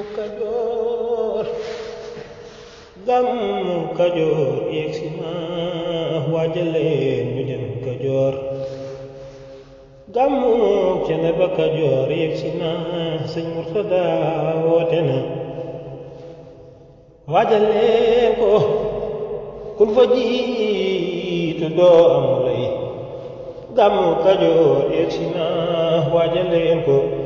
bu Kajoor gàmmu Kajoor yegsi na waajaleen ñu dem Kajoor gàmmu Ceneba Kajoor yegsi na sëñ Murtada woote na waajaleen ko kul fa jiitu doo am lay gàmmu Kajoor yegsi na waajaleen ko